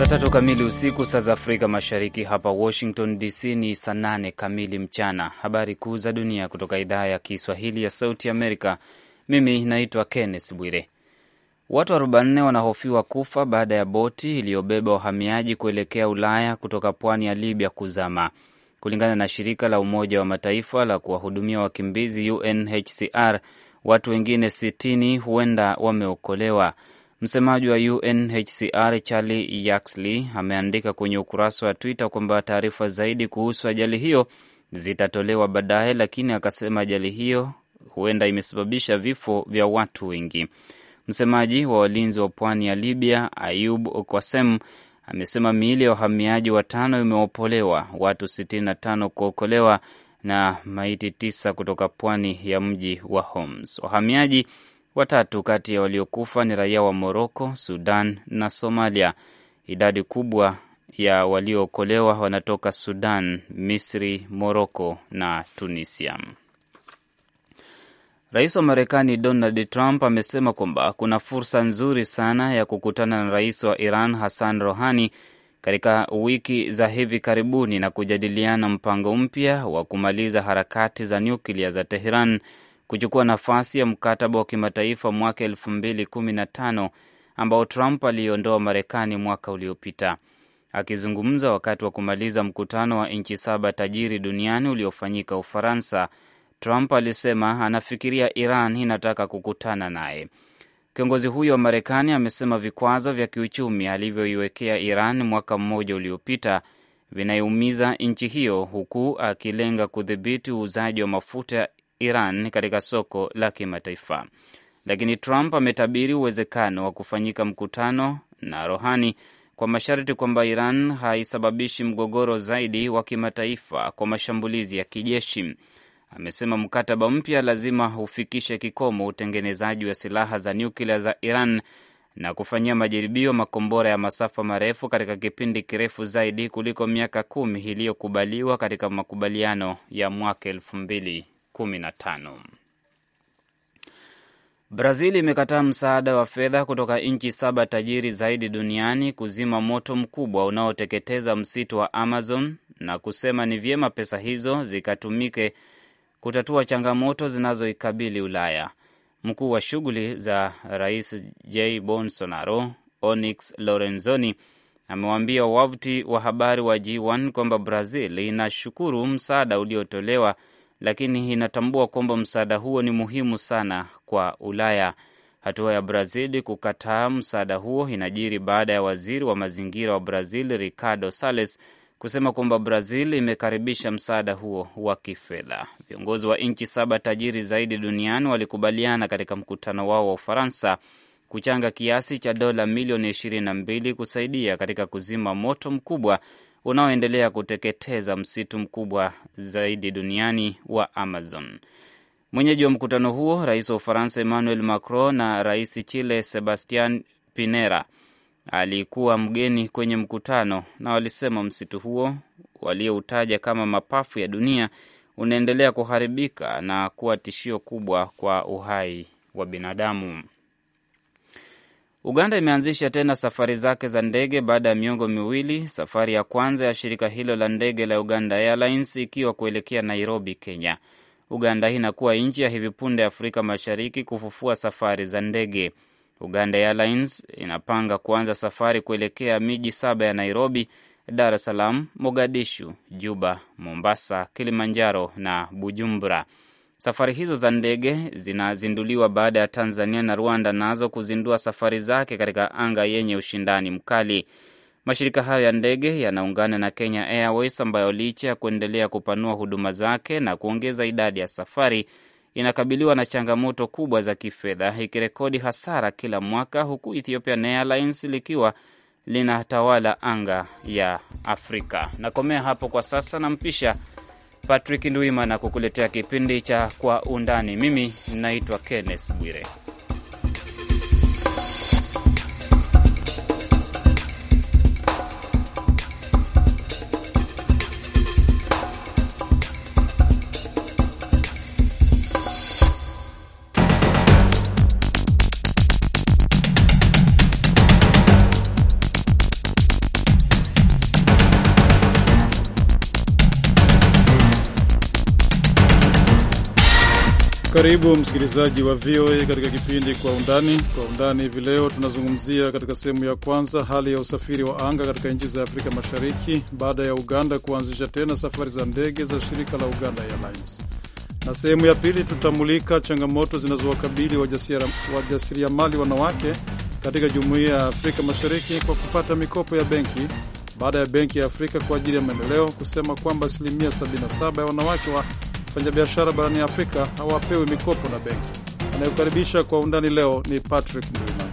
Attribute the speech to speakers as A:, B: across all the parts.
A: Saa tatu kamili usiku, saa za Afrika Mashariki. Hapa Washington DC ni saa nane kamili mchana. Habari kuu za dunia kutoka idhaa ya Kiswahili ya Sauti Amerika. Mimi naitwa Kenneth Bwire. Watu 44 wanahofiwa kufa baada ya boti iliyobeba wahamiaji kuelekea Ulaya kutoka pwani ya Libya kuzama, kulingana na shirika la Umoja wa Mataifa la kuwahudumia wakimbizi UNHCR. Watu wengine 60 huenda wameokolewa. Msemaji wa UNHCR Charlie Yaxley ameandika kwenye ukurasa wa Twitter kwamba taarifa zaidi kuhusu ajali hiyo zitatolewa baadaye, lakini akasema ajali hiyo huenda imesababisha vifo vya watu wengi. Msemaji wa walinzi wa pwani ya Libya Ayub Okwasem amesema miili ya wahamiaji watano imeopolewa, watu 65 kuokolewa na maiti tisa kutoka pwani ya mji wa Homs. Wahamiaji Watatu kati ya waliokufa ni raia wa Moroko, Sudan na Somalia. Idadi kubwa ya waliookolewa wanatoka Sudan, Misri, Moroko na Tunisia. Rais wa Marekani Donald Trump amesema kwamba kuna fursa nzuri sana ya kukutana na rais wa Iran Hassan Rohani katika wiki za hivi karibuni na kujadiliana mpango mpya wa kumaliza harakati za nyuklia za Teheran kuchukua nafasi ya mkataba wa kimataifa mwaka elfu ambao Trump aliondoa Marekani mwaka uliopita. Akizungumza wakati wa kumaliza mkutano wa nchi saba tajiri duniani uliofanyika Ufaransa, Trump alisema anafikiria Iran inataka kukutana naye. Kiongozi huyo wa Marekani amesema vikwazo vya kiuchumi alivyoiwekea Iran mwaka mmoja uliopita vinaiumiza nchi hiyo, huku akilenga kudhibiti uuzaji wa mafuta Iran katika soko la kimataifa. Lakini Trump ametabiri uwezekano wa kufanyika mkutano na Rohani kwa masharti kwamba Iran haisababishi mgogoro zaidi wa kimataifa kwa mashambulizi ya kijeshi. Amesema mkataba mpya lazima ufikishe kikomo utengenezaji wa silaha za nyuklia za Iran na kufanyia majaribio makombora ya masafa marefu katika kipindi kirefu zaidi kuliko miaka kumi iliyokubaliwa katika makubaliano ya mwaka elfu mbili 15. Brazil imekataa msaada wa fedha kutoka nchi saba tajiri zaidi duniani kuzima moto mkubwa unaoteketeza msitu wa Amazon na kusema ni vyema pesa hizo zikatumike kutatua changamoto zinazoikabili Ulaya. Mkuu wa shughuli za Rais j Bolsonaro, Onyx Lorenzoni, amewaambia wavuti wa habari wa G1 kwamba Brazil inashukuru msaada uliotolewa lakini inatambua kwamba msaada huo ni muhimu sana kwa Ulaya. Hatua ya Brazil kukataa msaada huo inajiri baada ya waziri wa mazingira wa Brazil Ricardo Salles kusema kwamba Brazil imekaribisha msaada huo wa kifedha. Viongozi wa nchi saba tajiri zaidi duniani walikubaliana katika mkutano wao wa Ufaransa kuchanga kiasi cha dola milioni 22 kusaidia katika kuzima moto mkubwa unaoendelea kuteketeza msitu mkubwa zaidi duniani wa Amazon. Mwenyeji wa mkutano huo, rais wa Ufaransa Emmanuel Macron na rais Chile Sebastian Pinera alikuwa mgeni kwenye mkutano, na walisema msitu huo walioutaja kama mapafu ya dunia unaendelea kuharibika na kuwa tishio kubwa kwa uhai wa binadamu. Uganda imeanzisha tena safari zake za ndege baada ya miongo miwili, safari ya kwanza ya shirika hilo la ndege la Uganda Airlines ikiwa kuelekea Nairobi, Kenya. Uganda inakuwa nchi ya hivi punde Afrika Mashariki kufufua safari za ndege. Uganda Airlines inapanga kuanza safari kuelekea miji saba ya Nairobi, Dar es Salaam, Mogadishu, Juba, Mombasa, Kilimanjaro na Bujumbura. Safari hizo za ndege zinazinduliwa baada ya Tanzania na Rwanda nazo kuzindua safari zake katika anga yenye ushindani mkali. Mashirika hayo ya ndege yanaungana na Kenya Airways ambayo licha ya kuendelea kupanua huduma zake na kuongeza idadi ya safari, inakabiliwa na changamoto kubwa za kifedha, ikirekodi hasara kila mwaka, huku Ethiopian Airlines likiwa linatawala anga ya Afrika. Nakomea hapo kwa sasa, nampisha Patrick Ndwimana kukuletea kipindi cha Kwa Undani. Mimi naitwa Kenneth Bwire.
B: Karibu msikilizaji wa VOA katika kipindi kwa undani. Kwa undani hivi leo tunazungumzia katika sehemu ya kwanza hali ya usafiri wa anga katika nchi za Afrika Mashariki baada ya Uganda kuanzisha tena safari za ndege za shirika la Uganda Airlines, na sehemu ya pili tutamulika changamoto zinazowakabili wajasiriamali wanawake katika Jumuiya ya Afrika Mashariki kwa kupata mikopo ya benki baada ya Benki ya Afrika kwa ajili ya Maendeleo kusema kwamba asilimia 77 ya wanawake wa wafanyabiashara barani Afrika hawapewi mikopo na benki. Anayekaribisha kwa undani leo ni Patrick Mlima.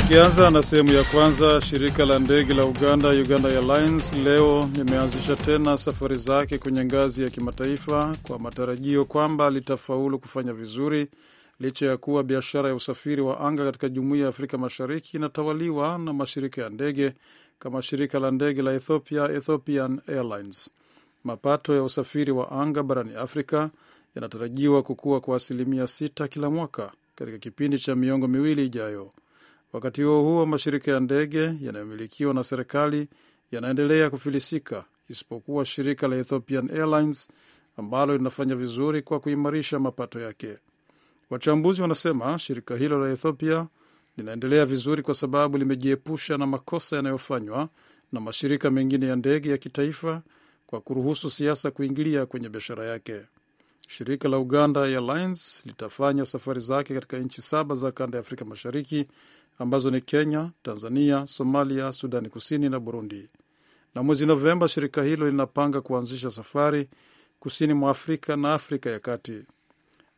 B: Tukianza na sehemu ya kwanza, shirika la ndege la Uganda, Uganda Airlines, leo limeanzisha tena safari zake kwenye ngazi ya kimataifa kwa matarajio kwamba litafaulu kufanya vizuri licha ya kuwa biashara ya usafiri wa anga katika jumuiya ya Afrika Mashariki inatawaliwa na mashirika ya ndege kama shirika la ndege la Ethiopia, Ethiopian Airlines. Mapato ya usafiri wa anga barani Afrika yanatarajiwa kukua kwa asilimia sita kila mwaka katika kipindi cha miongo miwili ijayo. Wakati huo huo, mashirika ya ndege yanayomilikiwa na serikali yanaendelea kufilisika, isipokuwa shirika la Ethiopian Airlines ambalo linafanya vizuri kwa kuimarisha mapato yake. Wachambuzi wanasema shirika hilo la Ethiopia linaendelea vizuri kwa sababu limejiepusha na makosa yanayofanywa na mashirika mengine ya ndege ya kitaifa kwa kuruhusu siasa kuingilia kwenye biashara yake. Shirika la Uganda Airlines litafanya safari zake katika nchi saba za kanda ya Afrika Mashariki ambazo ni Kenya, Tanzania, Somalia, Sudani Kusini na Burundi. Na mwezi Novemba shirika hilo linapanga kuanzisha safari kusini mwa Afrika na Afrika ya Kati.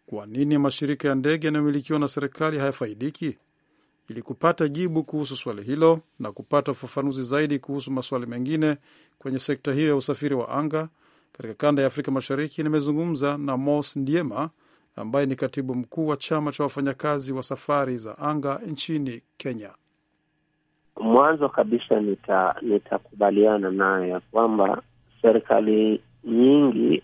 B: Kwa nini mashirika ya ndege yanayomilikiwa na serikali hayafaidiki? Ili kupata jibu kuhusu swali hilo na kupata ufafanuzi zaidi kuhusu maswali mengine kwenye sekta hiyo ya usafiri wa anga katika kanda ya Afrika Mashariki, nimezungumza na Mos Ndiema ambaye ni katibu mkuu wa chama cha wafanyakazi wa safari za anga nchini Kenya.
C: Mwanzo kabisa nitakubaliana nita nayo ya kwamba serikali nyingi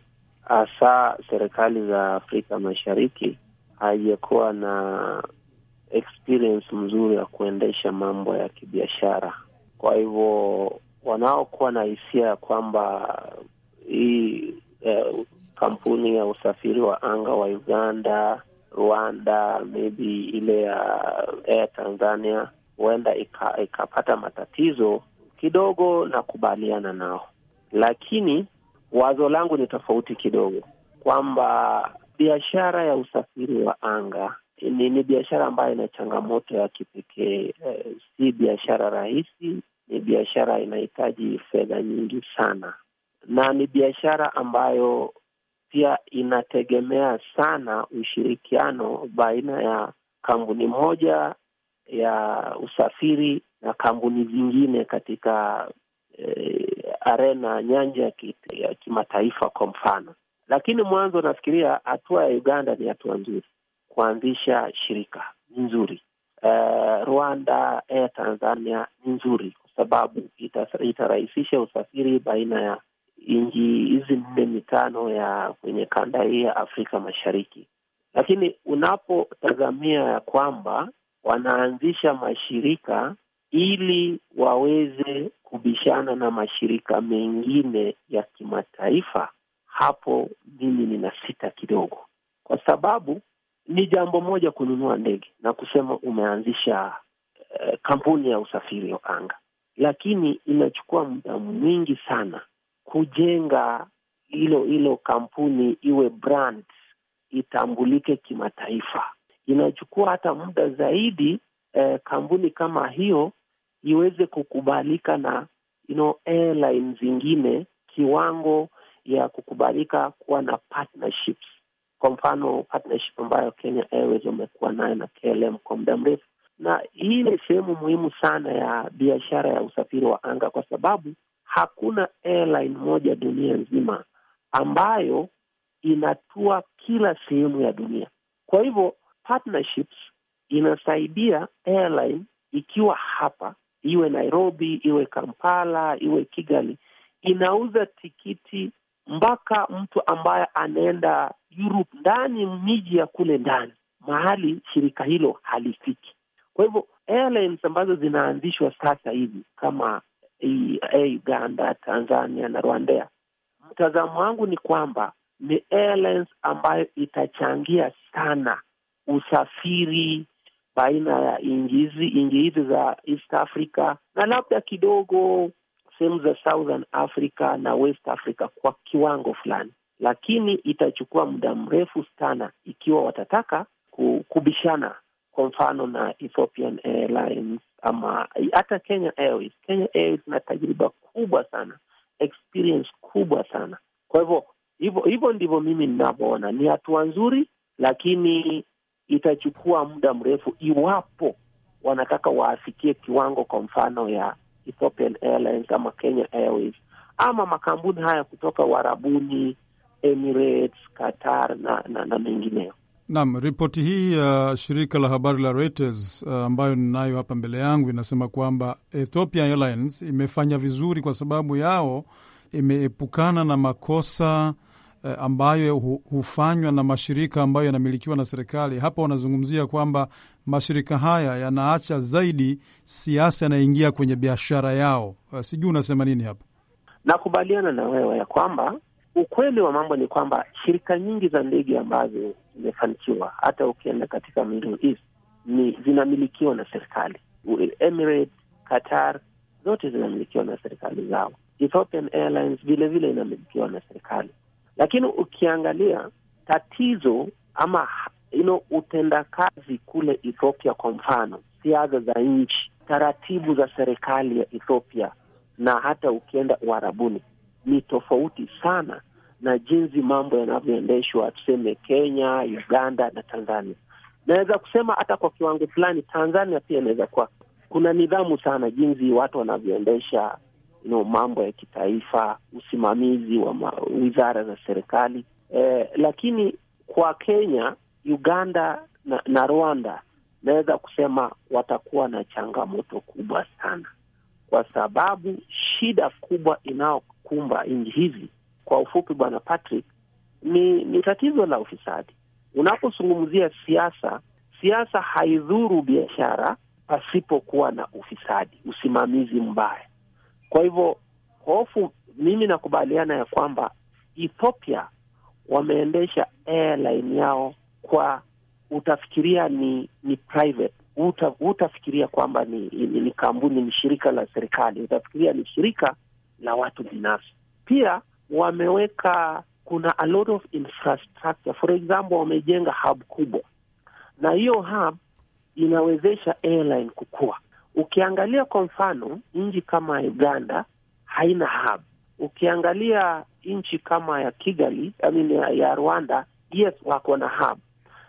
C: hasa serikali za Afrika Mashariki haijakuwa na experience mzuri ya kuendesha mambo ya kibiashara. Kwa hivyo wanaokuwa na hisia ya kwamba hii eh, kampuni ya usafiri wa anga wa Uganda, Rwanda, maybe ile ya Air Tanzania huenda ikapata matatizo kidogo, na kubaliana nao, lakini Wazo langu ni tofauti kidogo, kwamba biashara ya usafiri wa anga ni, ni biashara ambayo ina changamoto ya kipekee eh, si biashara rahisi. Ni biashara inahitaji fedha nyingi sana, na ni biashara ambayo pia inategemea sana ushirikiano baina ya kampuni moja ya usafiri na kampuni zingine katika eh, arena nyanja ya kimataifa kwa mfano. Lakini mwanzo nafikiria hatua ya Uganda ni hatua nzuri, kuanzisha shirika ni nzuri. Uh, Rwanda Air eh, Tanzania ni nzuri kwa sababu itarahisisha ita usafiri baina ya nji hizi nne mitano ya kwenye kanda hii ya Afrika Mashariki, lakini unapotazamia ya kwamba wanaanzisha mashirika ili waweze kubishana na mashirika mengine ya kimataifa. Hapo mimi nina sita kidogo, kwa sababu ni jambo moja kununua ndege na kusema umeanzisha uh, kampuni ya usafiri wa anga, lakini inachukua muda mwingi sana kujenga hilo hilo kampuni iwe brand itambulike kimataifa. Inachukua hata muda zaidi eh, kampuni kama hiyo iweze kukubalika na you know, airline zingine kiwango ya kukubalika kuwa na partnerships. Kwa mfano partnership ambayo Kenya Airways wamekuwa nayo na KLM kwa muda mrefu, na hii ni sehemu muhimu sana ya biashara ya usafiri wa anga, kwa sababu hakuna airline moja dunia nzima ambayo inatua kila sehemu ya dunia. Kwa hivyo partnerships inasaidia airline ikiwa hapa iwe Nairobi, iwe Kampala, iwe Kigali, inauza tikiti mpaka mtu ambaye anaenda Europe, ndani miji ya kule ndani, mahali shirika hilo halifiki. Kwa hivyo airlines ambazo zinaanzishwa sasa hivi kama e Uganda, Tanzania na Rwandea, mtazamo wangu ni kwamba ni airlines ambayo itachangia sana usafiri baina ya nchi hizi za East Africa na labda kidogo sehemu za Southern Africa na West Africa kwa kiwango fulani, lakini itachukua muda mrefu sana ikiwa watataka kubishana kwa mfano na Ethiopian Airlines ama hata Kenya Airways. Kenya Airways ina tajriba kubwa sana, experience kubwa sana. Kwa hivyo hivyo ndivyo mimi ninavyoona, ni hatua nzuri, lakini itachukua muda mrefu iwapo wanataka waafikie kiwango, kwa mfano ya Ethiopian Airlines ama Kenya Airways ama makampuni haya kutoka warabuni Emirates, Qatar na, na, na mengineo.
B: Naam, ripoti hii ya uh, shirika la habari la Reuters uh, ambayo ninayo hapa mbele yangu inasema kwamba Ethiopia Airlines imefanya vizuri kwa sababu yao imeepukana na makosa eh, ambayo hufanywa na mashirika ambayo yanamilikiwa na serikali. Hapa wanazungumzia kwamba mashirika haya yanaacha zaidi siasa yanaingia kwenye biashara yao. Eh, sijui unasema nini hapa?
C: Nakubaliana na wewe ya kwamba ukweli wa mambo ni kwamba shirika nyingi za ndege ambazo zimefanikiwa, hata ukienda katika Middle East ni zinamilikiwa na serikali. Emirates, Qatar zote zinamilikiwa na serikali zao. Ethiopian Airlines vilevile inamilikiwa na serikali. Lakini ukiangalia tatizo ama you know, utendakazi kule Ethiopia, kwa mfano siasa za nchi, taratibu za serikali ya Ethiopia na hata ukienda uharabuni ni tofauti sana na jinsi mambo yanavyoendeshwa tuseme Kenya, Uganda na Tanzania. Naweza kusema hata kwa kiwango fulani Tanzania pia inaweza kuwa kuna nidhamu sana jinsi watu wanavyoendesha you know, mambo ya kitaifa, usimamizi wa wizara za serikali eh, lakini kwa Kenya, Uganda na, na Rwanda naweza kusema watakuwa na changamoto kubwa sana, kwa sababu shida kubwa inayokumba nchi hizi kwa ufupi, Bwana Patrick, ni, ni tatizo la ufisadi. Unapozungumzia siasa, siasa haidhuru biashara pasipokuwa na ufisadi, usimamizi mbaya kwa hivyo hofu, mimi nakubaliana ya kwamba Ethiopia wameendesha airline yao kwa utafikiria ni ni private, uta, utafikiria kwamba ni, ni, ni kampuni, ni shirika la serikali, utafikiria ni shirika la watu binafsi. Pia wameweka kuna a lot of infrastructure, for example wamejenga hub kubwa, na hiyo hub inawezesha airline kukua. Ukiangalia kwa mfano nchi kama Uganda haina hub. Ukiangalia nchi kama ya Kigali, I mean ya Rwanda, yes wako na hub,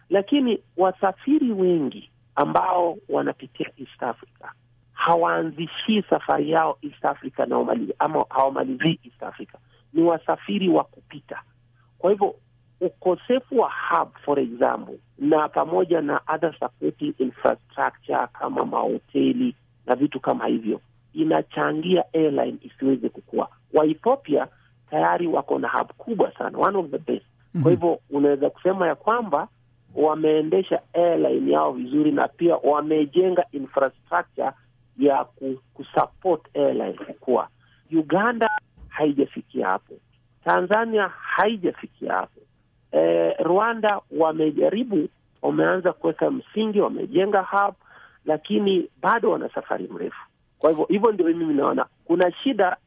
C: lakini wasafiri wengi ambao wanapitia East Africa hawaanzishii safari yao East Africa na umali, ama hawamalizii East Africa, ni wasafiri wa kupita. Kwa hivyo ukosefu wa hub for example, na pamoja na other supporting infrastructure kama mahoteli na vitu kama hivyo, inachangia airline isiweze kukua. Wa Ethiopia tayari wako na hub kubwa sana, one of the best mm -hmm. Kwa mhm. hivyo unaweza kusema ya kwamba wameendesha airline yao vizuri, na pia wamejenga infrastructure ya kusupport airline kukua. Uganda haijafikia hapo, Tanzania haijafikia hapo eh, Rwanda wamejaribu, wameanza kuweka msingi, wamejenga hub, lakini bado wana safari mrefu. Kwa hivyo hivyo ndio mimi naona kuna shida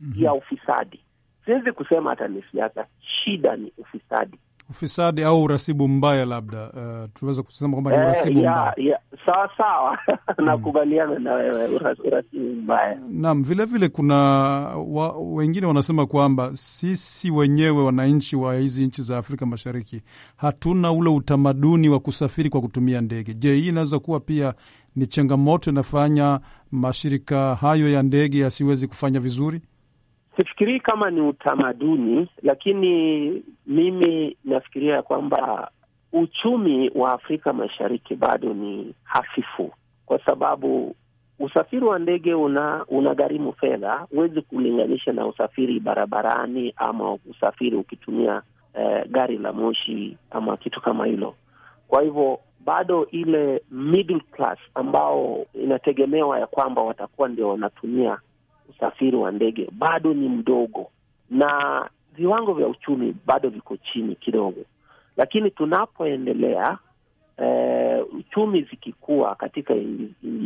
C: mm -hmm. ya ufisadi. Siwezi kusema hata ni siasa, shida ni ufisadi,
B: ufisadi au urasibu mbaya, labda uh, eh, tunaweza kusema kwamba ni eh, urasibu eh, mbaya
C: ya, Sawa sawa, mm. nakubaliana na wewe, urasimu mbaya.
B: Naam, vilevile kuna wa, wengine wanasema kwamba sisi wenyewe wananchi wa hizi nchi za Afrika Mashariki hatuna ule utamaduni wa kusafiri kwa kutumia ndege. Je, hii inaweza kuwa pia ni changamoto inafanya mashirika hayo ya ndege yasiwezi kufanya vizuri?
C: Sifikirii kama ni utamaduni, lakini mimi nafikiria kwamba uchumi wa Afrika Mashariki bado ni hafifu, kwa sababu usafiri wa ndege una unagharimu fedha, huwezi kulinganisha na usafiri barabarani ama usafiri ukitumia eh, gari la moshi ama kitu kama hilo. Kwa hivyo bado ile middle class ambao inategemewa ya kwamba watakuwa ndio wanatumia usafiri wa ndege bado ni mdogo, na viwango vya uchumi bado viko chini kidogo. Lakini tunapoendelea eh, uchumi zikikua katika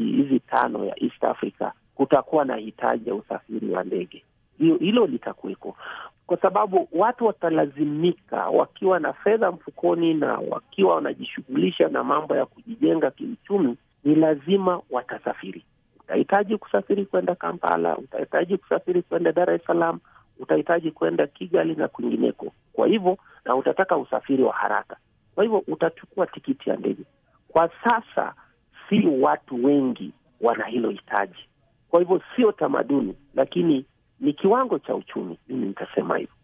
C: hizi tano ya East Africa, kutakuwa na hitaji ya usafiri wa ndege. Hilo litakuweko kwa sababu watu watalazimika wakiwa na fedha mfukoni na wakiwa wanajishughulisha na mambo ya kujijenga kiuchumi, ni lazima watasafiri. Utahitaji kusafiri kwenda Kampala, utahitaji kusafiri kwenda Dar es Salaam, utahitaji kwenda Kigali na kwingineko, kwa hivyo na utataka usafiri wa haraka, kwa hivyo utachukua tikiti ya ndege. Kwa sasa si watu wengi wana hilo hitaji, kwa hivyo sio tamaduni, lakini ni kiwango cha uchumi. Mimi nitasema hivyo.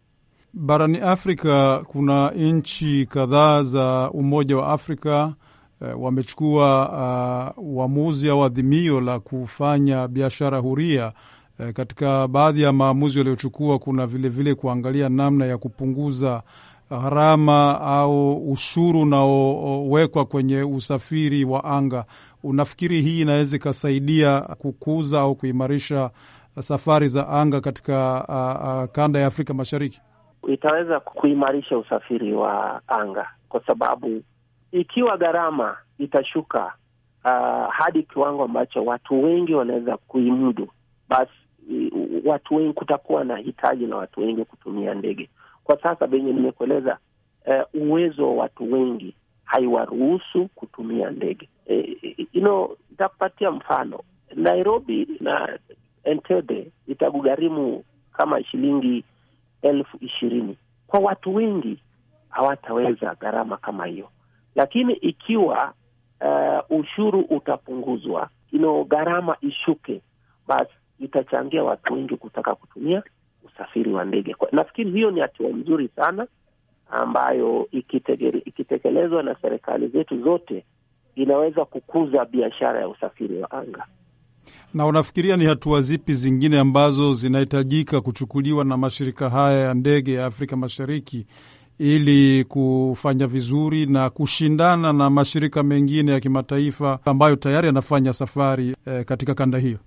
B: Barani Afrika kuna nchi kadhaa za Umoja wa Afrika eh, wamechukua ah, uamuzi au adhimio la kufanya biashara huria E, katika baadhi ya maamuzi waliochukua, kuna vilevile vile kuangalia namna ya kupunguza gharama au ushuru unaowekwa kwenye usafiri wa anga. Unafikiri hii inaweza ikasaidia kukuza au kuimarisha safari za anga katika a, a, kanda ya Afrika Mashariki?
C: Itaweza kuimarisha usafiri wa anga kwa sababu ikiwa gharama itashuka uh, hadi kiwango ambacho watu wengi wanaweza kuimudu, basi watu wengi, kutakuwa na hitaji la watu wengi kutumia ndege kwa sasa. Venye nimekueleza, uh, uwezo wa watu wengi haiwaruhusu kutumia ndege e, you know, mfano Nairobi na Entebbe itakugharimu kama shilingi elfu ishirini kwa watu wengi hawataweza gharama kama hiyo, lakini ikiwa uh, ushuru utapunguzwa, you know, gharama ishuke, basi itachangia watu wengi kutaka kutumia usafiri wa ndege. Nafikiri hiyo ni hatua mzuri sana ambayo ikitekelezwa na serikali zetu zote inaweza kukuza biashara ya usafiri wa anga.
B: Na unafikiria ni hatua zipi zingine ambazo zinahitajika kuchukuliwa na mashirika haya ya ndege ya Afrika Mashariki ili kufanya vizuri na kushindana na mashirika mengine ya kimataifa ambayo tayari yanafanya safari eh, katika kanda hiyo?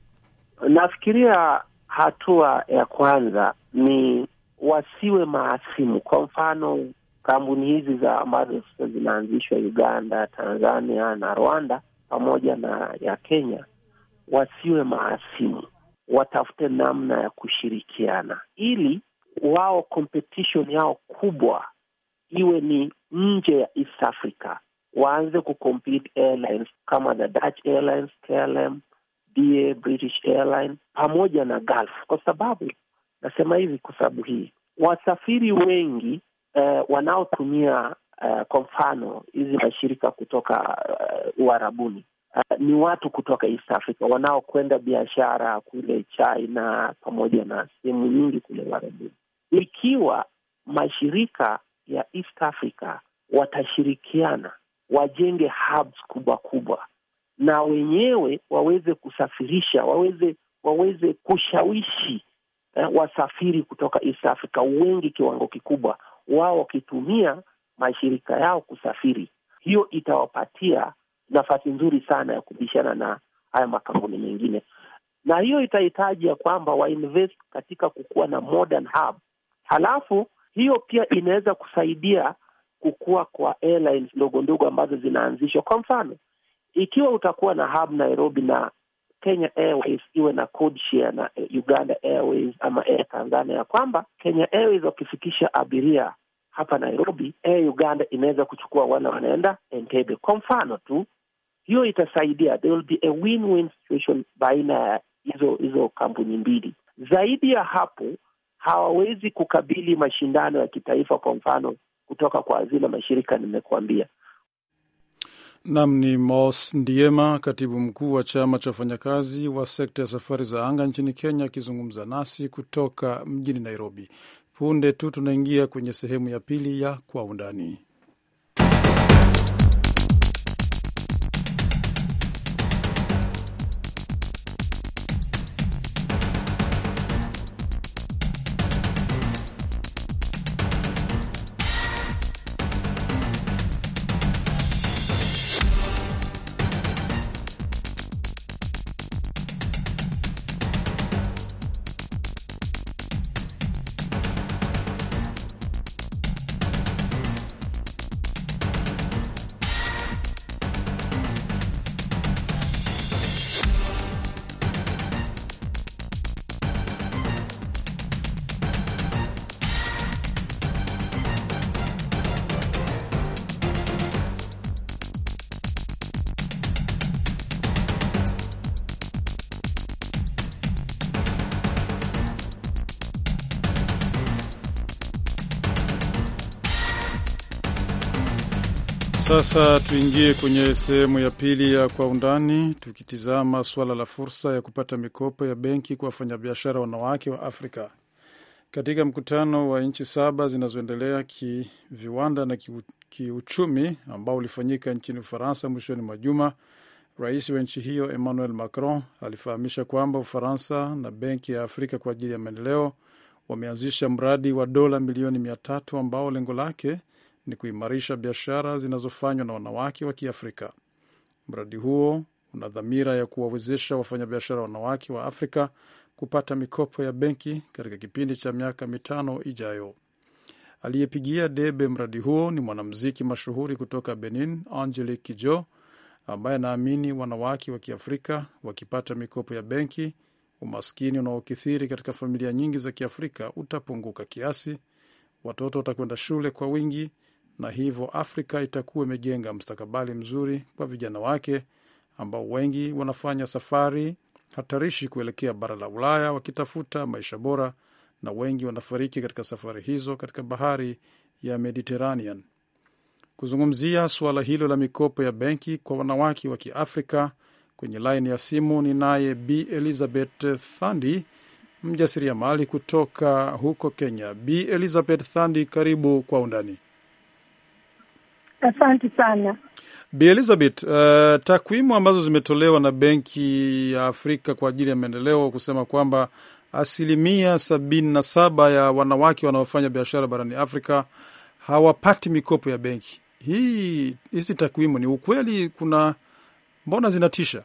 C: Nafikiria hatua ya kwanza ni wasiwe maasimu. Kwa mfano kampuni hizi za ambazo sasa zinaanzishwa Uganda, Tanzania na Rwanda pamoja na ya Kenya, wasiwe maasimu, watafute namna ya kushirikiana ili wao competition yao kubwa iwe ni nje ya East Africa. Waanze kucompete airlines kama the Dutch Airlines, KLM BA, British Airline pamoja na Gulf. Kwa sababu nasema hivi kwa sababu hii wasafiri wengi eh, wanaotumia eh, kwa mfano hizi mashirika kutoka eh, uharabuni Uh, eh, ni watu kutoka East Africa wanaokwenda biashara kule China pamoja na sehemu nyingi kule Uarabuni. Ikiwa mashirika ya East Africa watashirikiana wajenge hubs kubwa kubwa na wenyewe waweze kusafirisha, waweze waweze kushawishi eh, wasafiri kutoka East Africa wengi, kiwango kikubwa, wao wakitumia mashirika yao kusafiri. Hiyo itawapatia nafasi nzuri sana ya kubishana na haya makampuni mengine, na hiyo itahitaji ya kwamba wainvest katika kukuwa na modern hub. Halafu hiyo pia inaweza kusaidia kukua kwa airlines ndogo ndogo ambazo zinaanzishwa. Kwa mfano ikiwa utakuwa na hub Nairobi na Kenya Airways iwe na code share na eh, Uganda Airways ama Air Tanzania, ya kwamba Kenya Airways wakifikisha abiria hapa Nairobi, Air Uganda inaweza kuchukua wale wanaenda Entebbe kwa mfano tu. Hiyo itasaidia, there will be a win-win situation baina ya hizo hizo kampuni mbili. Zaidi ya hapo, hawawezi kukabili mashindano ya kitaifa, kwa mfano kutoka kwa zile mashirika nimekuambia.
B: Nam ni Mos Ndiema, katibu mkuu wa chama cha wafanyakazi wa sekta ya safari za anga nchini Kenya, akizungumza nasi kutoka mjini Nairobi. Punde tu tunaingia kwenye sehemu ya pili ya Kwa Undani. Sasa tuingie kwenye sehemu ya pili ya kwa undani, tukitizama suala la fursa ya kupata mikopo ya benki kwa wafanyabiashara wanawake wa Afrika. Katika mkutano wa nchi saba zinazoendelea kiviwanda na kiuchumi ambao ulifanyika nchini Ufaransa mwishoni mwa juma, rais wa nchi hiyo Emmanuel Macron alifahamisha kwamba Ufaransa na Benki ya Afrika kwa ajili ya Maendeleo wameanzisha mradi wa dola milioni mia tatu ambao lengo lake ni kuimarisha biashara zinazofanywa na wanawake wa Kiafrika. Mradi huo una dhamira ya kuwawezesha wafanyabiashara wanawake wa Afrika kupata mikopo ya benki katika kipindi cha miaka mitano ijayo. Aliyepigia debe mradi huo ni mwanamuziki mashuhuri kutoka Benin, Angelique Kidjo, ambaye anaamini wanawake wa Kiafrika wakipata mikopo ya benki, umaskini unaokithiri katika familia nyingi za Kiafrika utapunguka kiasi, watoto watakwenda shule kwa wingi na hivyo Afrika itakuwa imejenga mstakabali mzuri kwa vijana wake ambao wengi wanafanya safari hatarishi kuelekea bara la Ulaya wakitafuta maisha bora, na wengi wanafariki katika safari hizo katika bahari ya Mediterranean. Kuzungumzia suala hilo la mikopo ya benki kwa wanawake wa Kiafrika, kwenye laini ya simu ni naye B Elizabeth Thandi, mjasiriamali kutoka huko Kenya. B Elizabeth Thandi, karibu kwa undani.
D: Asante sana
B: Bi Elizabeth. Uh, takwimu ambazo zimetolewa na Benki ya Afrika kwa ajili ya maendeleo kusema kwamba asilimia sabini na saba ya wanawake wanaofanya biashara barani Afrika hawapati mikopo ya benki. Hii hizi takwimu ni ukweli? Kuna mbona zinatisha?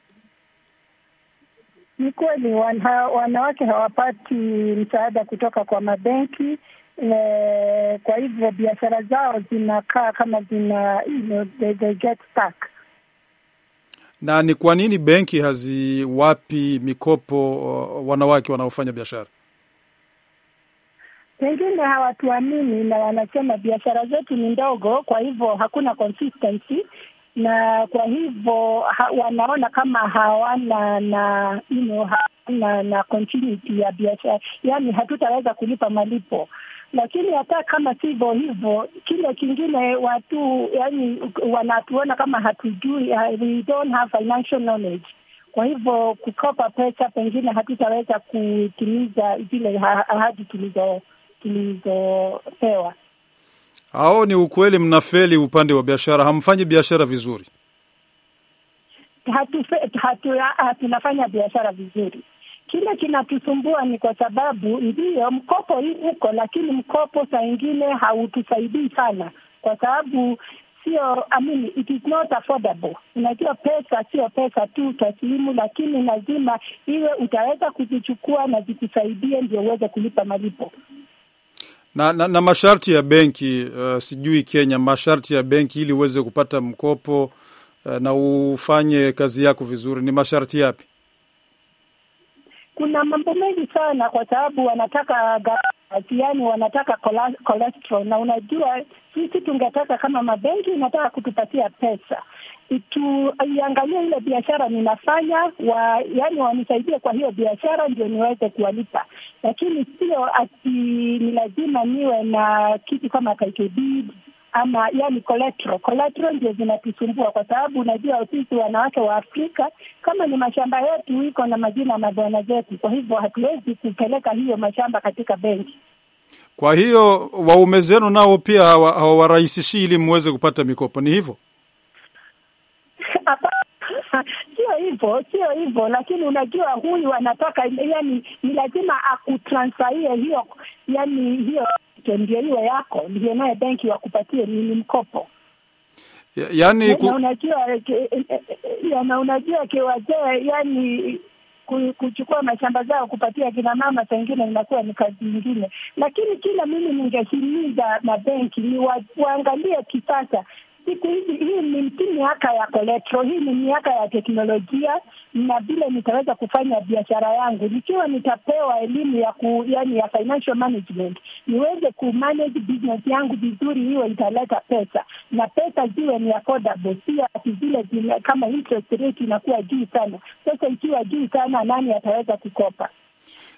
D: Ni kweli wanawake hawapati msaada kutoka kwa mabenki e, kwa hivyo biashara zao zinakaa kama zina you know, they, they get stuck.
B: Na ni kwa nini benki haziwapi mikopo uh, wanawake wanaofanya biashara?
D: Pengine hawatuamini na wanasema biashara zetu ni ndogo, kwa hivyo hakuna consistency na kwa hivyo ha, wanaona kama hawana na you know, hawana na continuity ya biashara, yaani hatutaweza kulipa malipo lakini hata kama sivyo hivyo, kile kingine watu yani wanatuona kama hatujui, uh, we don't have financial knowledge. Kwa hivyo kukopa pesa, pengine hatutaweza kutimiza zile ahadi tulizopewa.
B: ao ni ukweli, mnafeli upande wa biashara, hamfanyi biashara vizuri.
D: Hatu, hatu, tunafanya biashara vizuri Kile kinatusumbua ni kwa sababu ndiyo mkopo hii uko, lakini mkopo saa ingine hautusaidii sana, kwa sababu sio, I mean, it is not affordable. Unajua, pesa sio pesa tu taslimu, lakini lazima iwe utaweza kuzichukua na zikusaidie ndio uweze kulipa malipo.
B: Na, na, na masharti ya benki uh, sijui Kenya, masharti ya benki ili uweze kupata mkopo uh, na ufanye kazi yako vizuri ni masharti yapi?
D: kuna mambo mengi sana, kwa sababu wanataka yaani, wanataka cholesterol, na unajua sisi tungetaka kama mabenki inataka kutupatia pesa tuiangalie ile biashara ninafanya wa, yani wanisaidie kwa hiyo biashara ndio niweze kuwalipa, lakini sio ati ni lazima niwe na kitu kama KKB ama yani collateral. Collateral ndio zinatusumbua kwa sababu unajua sisi wanawake wa Afrika kama ni mashamba yetu iko na majina mabwana zetu, kwa hivyo hatuwezi kupeleka hiyo mashamba katika benki.
B: Kwa hiyo waume zenu nao pia hawawarahisishii ili mweze kupata mikopo, ni hivyo?
D: Sio hivyo, sio hivyo, lakini unajua huyu anataka, yani ni lazima akutransferie hiyo, yani hiyo yake ndio iwe yako, ndio naye benki wakupatie nini mkopo. Yaani ku... unajua e, e, e, na unajua kiwazee, yani kuchukua mashamba zao kupatia kina mama, pengine inakuwa ni kazi nyingine, lakini kila mimi ningehimiza mabenki ni wa, waangalie kisasa siku hizi, hii ni miaka ya koletro, hii ni miaka ya teknolojia na vile nitaweza kufanya biashara yangu nikiwa nitapewa elimu ya ku, yani ya financial management, niweze manage business yangu vizuri, hiyo italeta pesa na pesa ziwe ni affordable, si ati zile kama interest rate inakuwa juu sana. Sasa ikiwa juu sana, nani ataweza kukopa?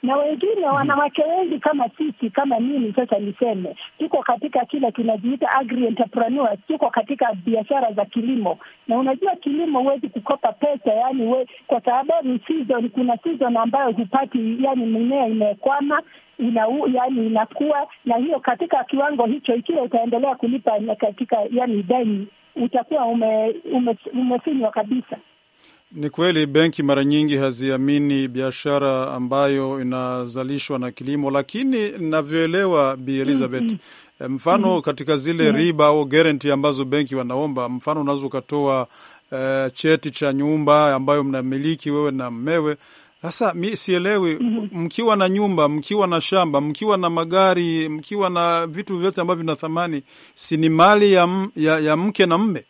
D: na wengine mhm. wanawake wengi kama sisi kama mimi sasa niseme, tuko katika kile tunajiita agri entrepreneurs, tuko katika biashara za kilimo. Na unajua kilimo huwezi kukopa pesa, yani we, kwa sababu season, kuna season ambayo hupati, yani mimea imekwama ina yani inakuwa na hiyo, katika kiwango hicho, ikiwa utaendelea kulipa katika yani deni, utakuwa umefinywa ume, ume kabisa.
B: Ni kweli benki mara nyingi haziamini biashara ambayo inazalishwa na kilimo, lakini navyoelewa Bi Elizabeth mm -hmm. mfano mm -hmm. katika zile yeah. riba au guarantee ambazo benki wanaomba, mfano unaweza ukatoa uh, cheti cha nyumba ambayo mnamiliki wewe na mmewe sasa mi sielewi, mm -hmm. mkiwa na nyumba, mkiwa na shamba, mkiwa na magari, mkiwa na vitu vyote ambavyo vina thamani, si ni mali ya, ya, ya mke na mme?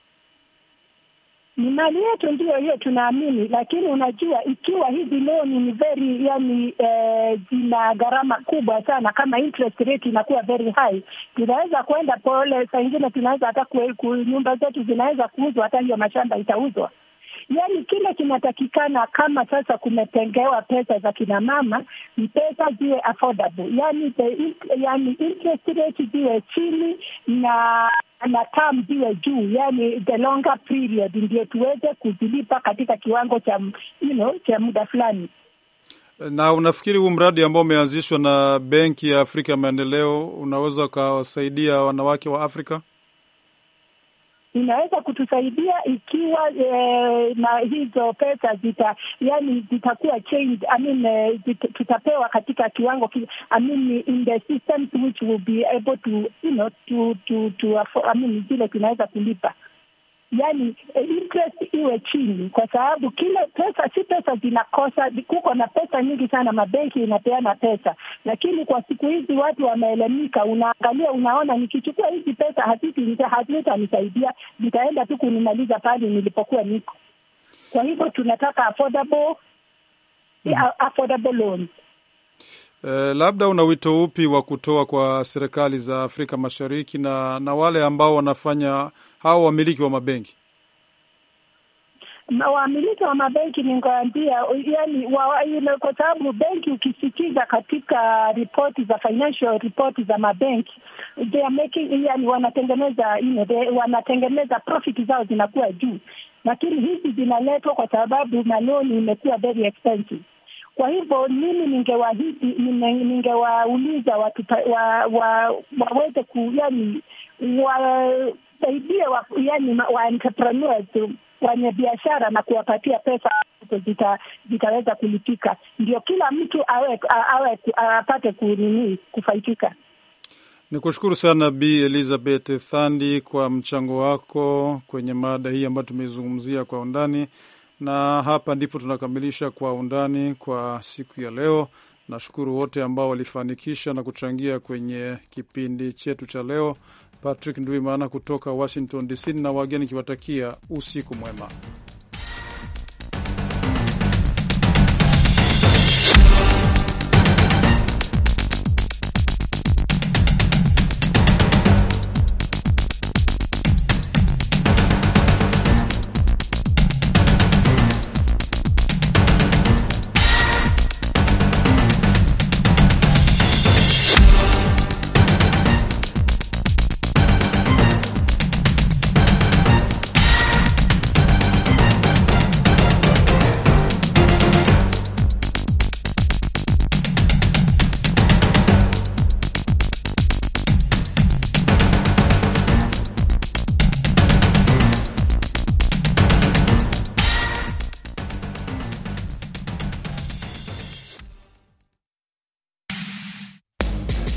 D: ni mali yetu, ndio hiyo tunaamini. Lakini unajua, ikiwa hizi loni ni very yani, eh, zina gharama kubwa sana, kama interest rate inakuwa very high, tunaweza kuenda pole, saa ingine tunaweza hata nyumba zetu zinaweza kuuzwa, hata hiyo mashamba itauzwa yani kile kinatakikana, kama sasa kumetengewa pesa za kina mama, pesa ziwe affordable, yaani, yaani interest rate ziwe chini na na term ziwe juu, yani the longer period ndio tuweze kuzilipa katika kiwango cha you know, cha muda fulani.
B: Na unafikiri huu mradi ambao umeanzishwa na Benki ya Afrika ya Maendeleo unaweza ukawasaidia wanawake wa Afrika?
D: inaweza kutusaidia ikiwa e, na hizo pesa zita yani zitakuwa I mean, e, tutapewa katika kiwango ki, I mean, in the systems which will be able to you know to to, to I mean, zile tunaweza kulipa yani eh, interest iwe chini, kwa sababu kila pesa si pesa zinakosa. Kuko na pesa nyingi sana, mabenki inapeana pesa, lakini kwa siku hizi watu wameelemika. Unaangalia unaona, nikichukua hizi pesa hazitanisaidia, zitaenda tu kunimaliza pale nilipokuwa niko. Kwa hivyo tunataka affordable, mm-hmm. eh, affordable
B: E, labda una wito upi wa kutoa kwa serikali za Afrika Mashariki na na wale ambao wanafanya hao wamiliki wa mabenki?
D: Wamiliki wa mabenki ningewaambia, yani wa, ilo, kwa sababu benki ukisikiza katika ripoti za financial ripoti za mabenki they are making, yani wanatengeneza you know, they, wanatengeneza profit zao zinakuwa juu, lakini hizi zinaletwa kwa sababu maloni imekuwa very expensive kwa hivyo mimi ningewaahidi, ningewauliza watu wa, wa, waweze ku yani wasaidie wa, yani wa entrepreneurs wenye biashara na kuwapatia pesa ambazo zita, zitaweza kulipika, ndio kila mtu awe, awe, apate kunini kufaidika.
B: Ni kushukuru sana Bi Elizabeth Thandi kwa mchango wako kwenye mada hii ambayo tumeizungumzia kwa undani. Na hapa ndipo tunakamilisha Kwa Undani kwa siku ya leo. Nashukuru wote ambao walifanikisha na kuchangia kwenye kipindi chetu cha leo. Patrick Ndwimana kutoka Washington DC na wageni kiwatakia usiku mwema.